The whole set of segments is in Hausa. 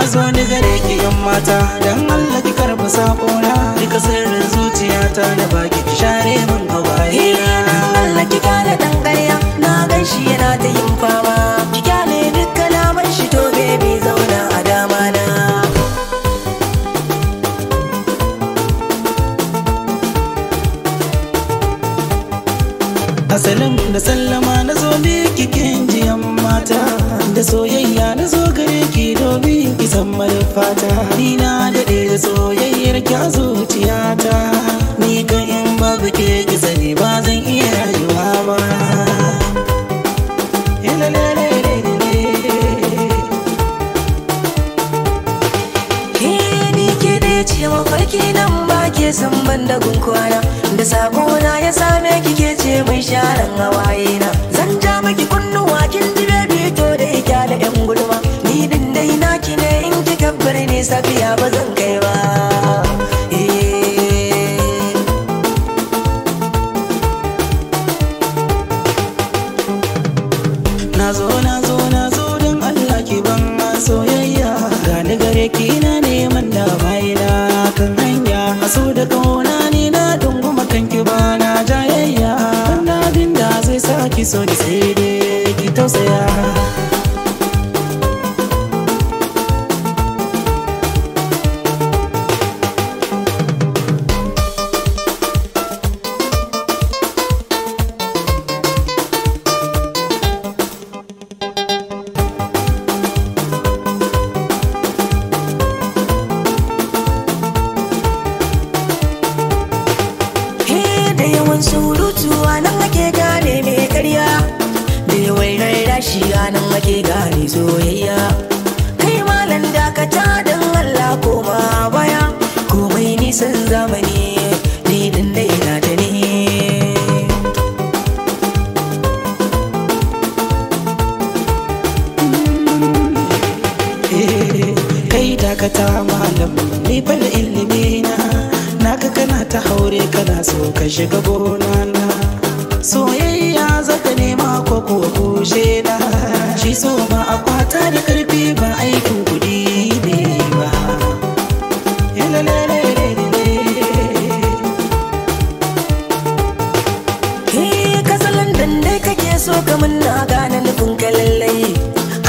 na zo ni gare ki yan mata dan Allah ki karba sakona duka sirrin zuciyata da baki ki share min hawaye na Allah ki kana dan na gan shi yana ta yin fama ki kyale duk kalaman shi to baby zauna a dama na asalin da sallama na zo ki kinji yan mata da soyayya na zo fata ni na daɗe da soyayyar kya zuciyata ni kan in babu ke ki sani ba zan iya rayuwa ba mafarki nan ba ke da gunkwana da sabona ya same ki ce mai sharan hawaye na zan ja miki kunnu safiya ba zan kai ba eh. Nazo nazo nazo don Allah ki ban ma soyayya gani gare ki na neman da bayina kan hanya aso da kauna ne na dunguma ki ba na jayayya wannan abin da zai sa ki so ki sai dai ki tausaya zamani ni din da ina ta ne eh, kai dakata malam ni fa da ilimi na naka kana ta haure kana so ka shiga gona na soyayya zaka nema ko ko kushe na shi so ma akwata da karfi so kamar na gane nufin ka lallai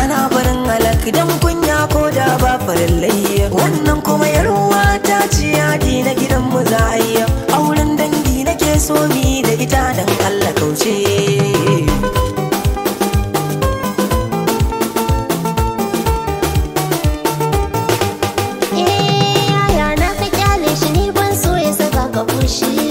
ana barin halak dan kunya ko da ba farallai wannan kuma yar uwa ta ci yadi na gidan mu za a yi auren dangi nake so mi da ita dan Allah kauce eh, she